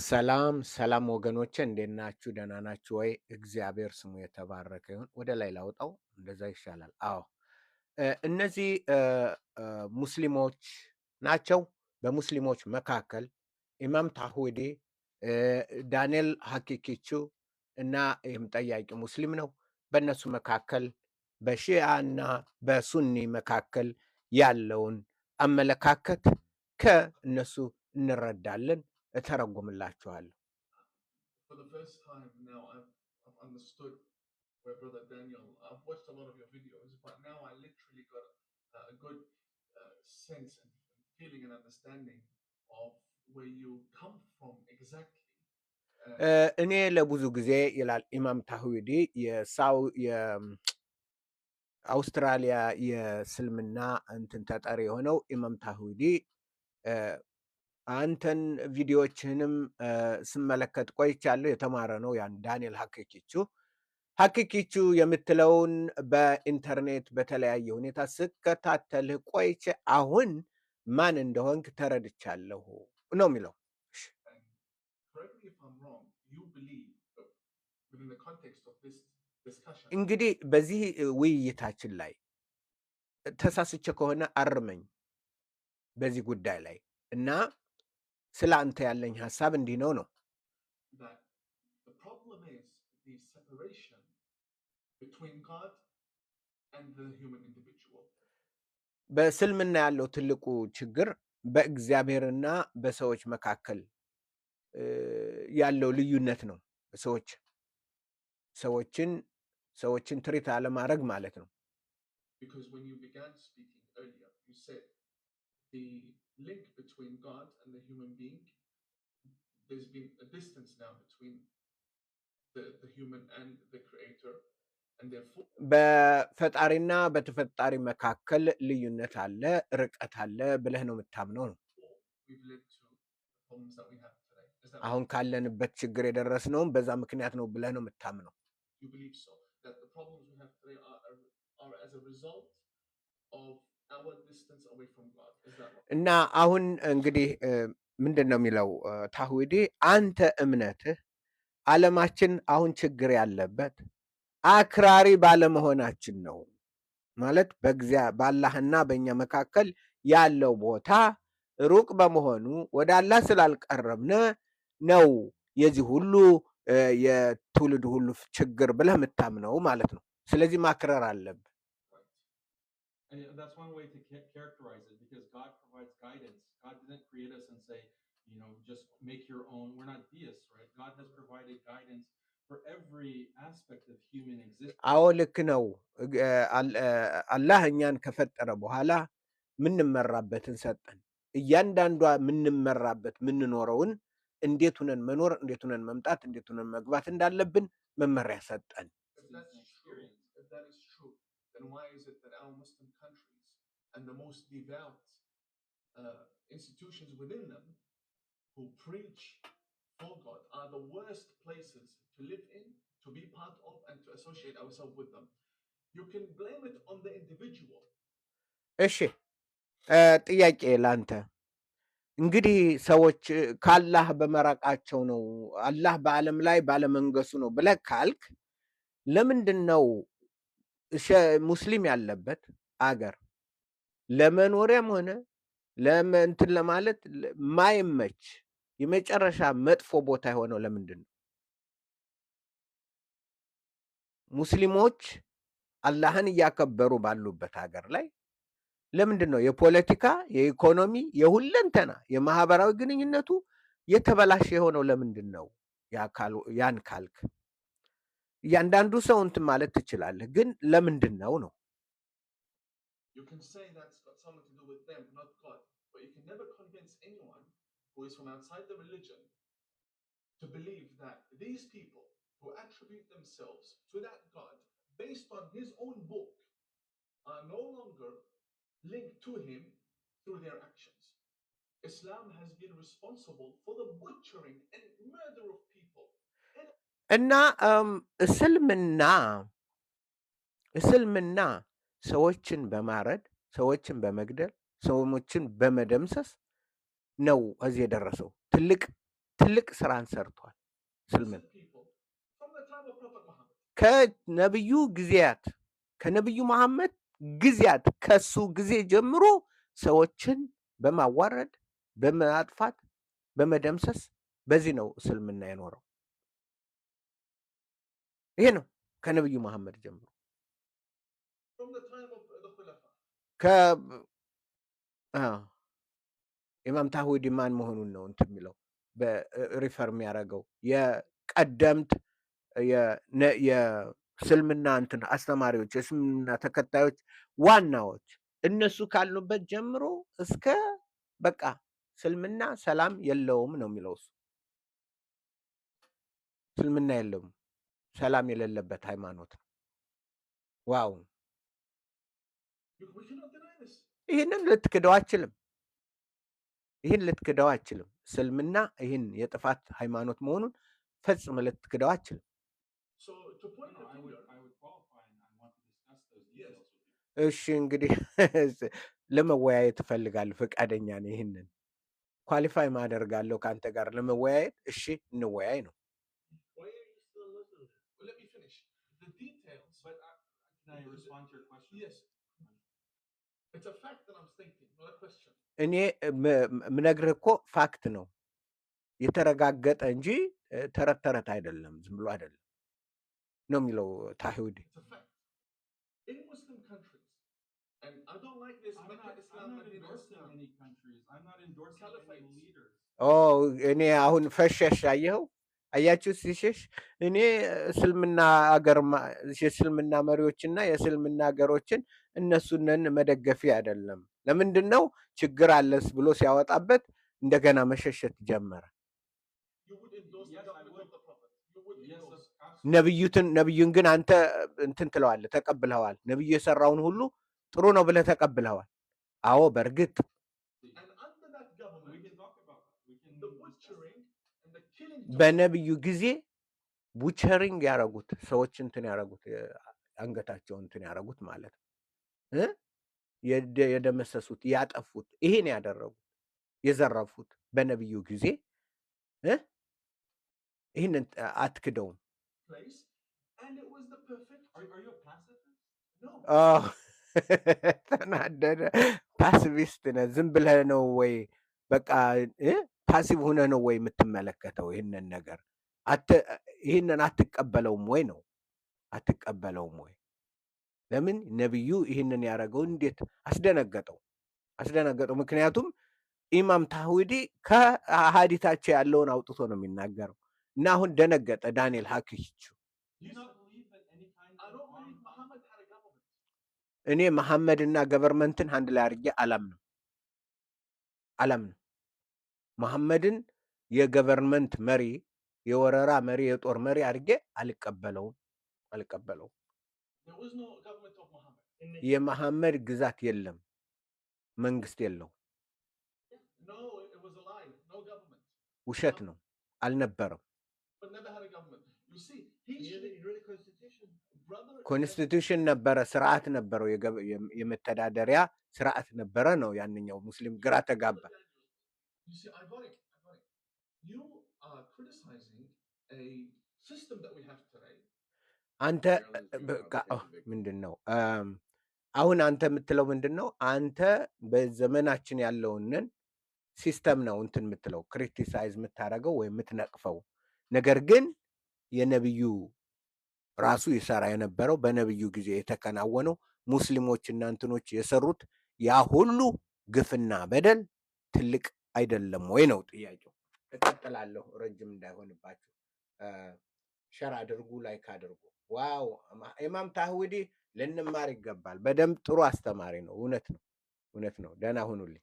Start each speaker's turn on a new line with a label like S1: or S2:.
S1: ሰላም ሰላም ወገኖቼ እንዴት ናችሁ? ደህና ናችሁ ወይ? እግዚአብሔር ስሙ የተባረከ ይሁን። ወደ ላይ ላውጣው፣ እንደዛ ይሻላል። አዎ እነዚህ ሙስሊሞች ናቸው። በሙስሊሞች መካከል ኢማም ታሁዲ፣ ዳንኤል ሀኪኪቹ እና ይህም ጠያቂ ሙስሊም ነው። በእነሱ መካከል በሺያ እና በሱኒ መካከል ያለውን አመለካከት ከእነሱ እንረዳለን። እተረጉምላችኋለሁ። uh, እኔ ለብዙ ጊዜ ይላል ኢማም ታህዊዲ የሳው የአውስትራሊያ የእስልምና እንትን ተጠሪ የሆነው ኢማም ታህዊዲ አንተን ቪዲዮዎችንም ስመለከት ቆይቻለሁ። የተማረ ነው ያን ዳንኤል ሀክኪቹ ሀክኪቹ የምትለውን በኢንተርኔት በተለያየ ሁኔታ ስከታተልህ ቆይቼ አሁን ማን እንደሆንክ ተረድቻለሁ ነው የሚለው። uh, እንግዲህ በዚህ ውይይታችን ላይ ተሳስቼ ከሆነ አርመኝ በዚህ ጉዳይ ላይ እና ስለ አንተ ያለኝ ሀሳብ እንዲህ ነው ነው። በእስልምና ያለው ትልቁ ችግር በእግዚአብሔርና በሰዎች መካከል ያለው ልዩነት ነው። ሰዎች ሰዎችን ሰዎችን ትሪት አለማድረግ ማለት ነው። link between God and the human being, there's been a distance now between the, the human and the creator. በፈጣሪና በተፈጣሪ መካከል ልዩነት አለ፣ ርቀት አለ ብለህ ነው የምታምነው ነው። አሁን ካለንበት ችግር የደረስነውም በዛ ምክንያት ነው ብለህ ነው የምታምነው። እና አሁን እንግዲህ ምንድን ነው የሚለው ታህዊዲ አንተ እምነትህ አለማችን አሁን ችግር ያለበት አክራሪ ባለመሆናችን ነው ማለት በእግዚያ በአላህና በእኛ መካከል ያለው ቦታ ሩቅ በመሆኑ ወደ አላህ ስላልቀረብነ ነው የዚህ ሁሉ የትውልድ ሁሉ ችግር ብለህ የምታምነው ማለት ነው። ስለዚህ ማክረር አለብህ። And that's one way to ca- characterize it because God provides guidance. God didn't create us and say, you know, just make your own. We're not deists, right? God has provided guidance for every aspect of human existence. አዎ ልክ ነው። አላህ እኛን ከፈጠረ በኋላ ምንመራበትን ሰጠን። እያንዳንዷ ምንመራበት ምንኖረውን እንዴት ሁነን መኖር፣ እንዴት ሁነን መምጣት፣ እንዴት ሁነን መግባት እንዳለብን መመሪያ ሰጠን። is and the most devout uh, institutions within them who preach for God are the worst places to live in, to be part of, and to associate ourselves with them. You can blame it on the individual. እሺ ጥያቄ ላንተ እንግዲህ ሰዎች ከአላህ በመራቃቸው ነው አላህ በአለም ላይ ባለመንገሱ ነው ብለህ ካልክ ለምንድን ነው ሙስሊም ያለበት አገር ለመኖሪያም ሆነ ለእንትን ለማለት ማይመች የመጨረሻ መጥፎ ቦታ የሆነው ለምንድን ነው? ሙስሊሞች አላህን እያከበሩ ባሉበት ሀገር ላይ ለምንድን ነው የፖለቲካ የኢኮኖሚ፣ የሁለንተና የማህበራዊ ግንኙነቱ የተበላሸ የሆነው ለምንድን ነው? ያን ካልክ እያንዳንዱ ሰው እንትን ማለት ትችላለህ፣ ግን ለምንድን ነው ነው something to do with them, not God. But you can never convince anyone who is from outside the religion to believe that these people who attribute themselves to that God based on his own book are no longer linked to him through their actions. Islam has been responsible for the butchering and murder of people. And now, um እስልምና እስልምና ሰዎችን በማረድ ሰዎችን በመግደል ሰዎችን በመደምሰስ ነው እዚህ የደረሰው። ትልቅ ትልቅ ስራን ሰርቷል። ስልምን ከነብዩ ጊዜያት ከነብዩ መሐመድ ጊዜያት ከሱ ጊዜ ጀምሮ ሰዎችን በማዋረድ በማጥፋት በመደምሰስ በዚህ ነው እስልምና የኖረው። ይሄ ነው ከነብዩ መሐመድ ጀምሮ ኢማም ታህዊዲ ማን መሆኑን ነው እንት የሚለው ሪፈር የሚያደርገው የቀደምት የስልምና እንትን አስተማሪዎች የስልምና ተከታዮች ዋናዎች እነሱ ካሉበት ጀምሮ እስከ በቃ ስልምና ሰላም የለውም ነው የሚለው እሱ። ስልምና የለውም ሰላም የሌለበት ሃይማኖት ነው። ዋው ይህንን ልትክደው አችልም። ይህን ልትክደው አችልም። ስልምና ይህን የጥፋት ሃይማኖት መሆኑን ፈጽም ልትክደው አችልም። እሺ እንግዲህ ለመወያየት እፈልጋለሁ። ፈቃደኛ ነው ይህንን ኳሊፋይ ማደርጋለሁ ከአንተ ጋር ለመወያየት። እሺ እንወያይ ነው። እኔ ምነግርህ እኮ ፋክት ነው የተረጋገጠ እንጂ ተረት ተረት አይደለም፣ ዝም ብሎ አይደለም ነው የሚለው ታሂውድ oh, እኔ አሁን ፈሸሽ አየኸው አያችሁ ሲሸሽ እኔ እስልምና አገር የእስልምና መሪዎችና የእስልምና ሀገሮችን እነሱንን መደገፊ አይደለም። ለምንድን ነው ችግር አለስ ብሎ ሲያወጣበት እንደገና መሸሸት ጀመረ። ነብዩትን ነብዩን ግን አንተ እንትን ትለዋለህ፣ ተቀብለዋል። ነብዩ የሰራውን ሁሉ ጥሩ ነው ብለህ ተቀብለዋል። አዎ በእርግጥ በነብዩ ጊዜ ቡቸሪንግ ያረጉት ሰዎች እንትን ያረጉት አንገታቸው እንትን ያረጉት ማለት ነው። የደመሰሱት፣ ያጠፉት፣ ይሄን ያደረጉት፣ የዘረፉት በነብዩ ጊዜ ይህንን አትክደውም። ተናደደ። ፓስቪስት ነህ ዝም ብለህ ነው ወይ? በቃ ፓሲቭ ሁነ ነው ወይ የምትመለከተው? ይህንን ነገር ይህንን አትቀበለውም ወይ ነው አትቀበለውም ወይ? ለምን ነቢዩ ይህንን ያደረገው እንዴት አስደነገጠው አስደነገጠው። ምክንያቱም ኢማም ታዊዲ ከሀዲታቸው ያለውን አውጥቶ ነው የሚናገረው እና አሁን ደነገጠ ዳንኤል ሀክች እኔ መሐመድ እና ገቨርመንትን አንድ ላይ አድርጌ አላምንም አላምንም መሐመድን የገቨርንመንት መሪ፣ የወረራ መሪ፣ የጦር መሪ አድርጌ አልቀበለውም አልቀበለውም። የመሐመድ ግዛት የለም፣ መንግስት የለው። ውሸት ነው፣ አልነበረም። ኮንስቲቱሽን ነበረ፣ ስርዓት ነበረው፣ የመተዳደሪያ ስርዓት ነበረ ነው ያንኛው። ሙስሊም ግራ ተጋባ። You see, ironic, ironic. አንተ ምንድን ነው አሁን አንተ የምትለው ምንድን ነው? አንተ በዘመናችን ያለውንን ሲስተም ነው እንትን የምትለው ክሪቲሳይዝ የምታደርገው ወይም የምትነቅፈው። ነገር ግን የነብዩ ራሱ ይሰራ የነበረው በነብዩ ጊዜ የተከናወነው ሙስሊሞች እንትኖች የሰሩት ያ ሁሉ ግፍና በደል ትልቅ አይደለም ወይ ነው ጥያቄው። እቀጥላለሁ፣ ረጅም እንዳይሆንባችሁ። ሸር አድርጉ፣ ላይክ አድርጉ። ዋው ኢማም ታህዊዲ ልንማር ይገባል። በደንብ ጥሩ አስተማሪ ነው። እውነት ነው፣ እውነት ነው። ደህና ሁኑልኝ።